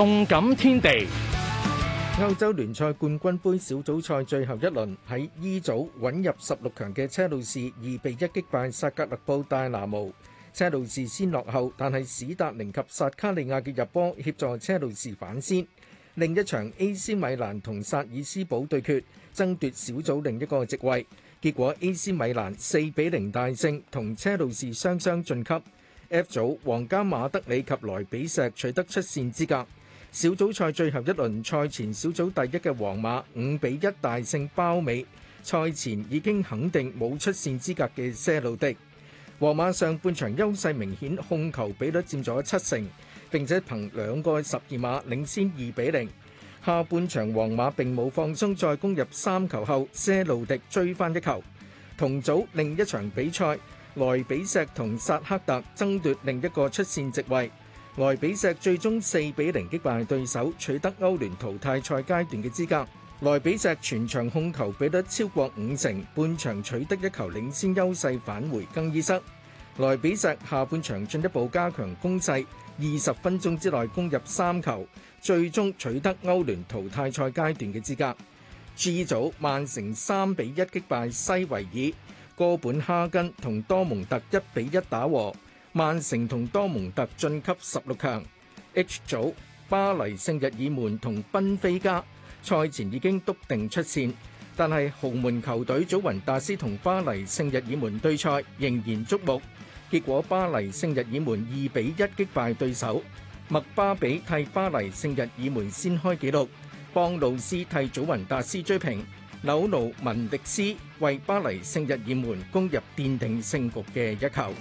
動感天地，歐洲聯賽冠軍杯小組賽最後一輪，喺 E 組穩入十六強嘅車路士二比一擊敗薩格勒布戴拿姆，車路士先落後，但係史達寧及薩卡利亞嘅入波協助車路士反先。另一場 AC 米蘭同薩爾斯堡對決，爭奪小組另一個席位，結果 AC 米蘭四比零大勝，同車路士雙雙晉級。F 組皇家馬德里及萊比錫取得出線資格。小組賽最後一輪，賽前小組第一嘅皇馬五比一大勝包尾，賽前已經肯定冇出線資格嘅些路迪。皇馬上半場優勢明顯，控球比率佔咗七成，並且憑兩個十二碼領先二比零。下半場皇馬並冇放鬆，再攻入三球後，些路迪追翻一球。同組另一場比賽，萊比錫同薩克特爭奪另一個出線席位。萊比錫最終四比零擊敗對手，取得歐聯淘,淘汰賽階段嘅資格。萊比錫全場控球比率超過五成，半場取得一球領先優勢，返回更衣室。萊比錫下半場進一步加強攻勢，二十分鐘之內攻入三球，最終取得歐聯淘汰賽階段嘅資格。G 組，曼城三比一擊敗西維爾，哥本哈根同多蒙特一比一打和。曼城同多蒙特晉級十六強。H 組巴黎聖日耳門同賓菲加賽前已經篤定出線，但係豪門球隊祖云達斯同巴黎聖日耳門對賽仍然矚目。結果巴黎聖日耳門二比一擊敗對手，麥巴比替巴黎聖日耳門先開紀錄，邦路斯替祖雲達斯追平，紐奴文迪斯為巴黎聖日耳門攻入奠定勝局嘅一球。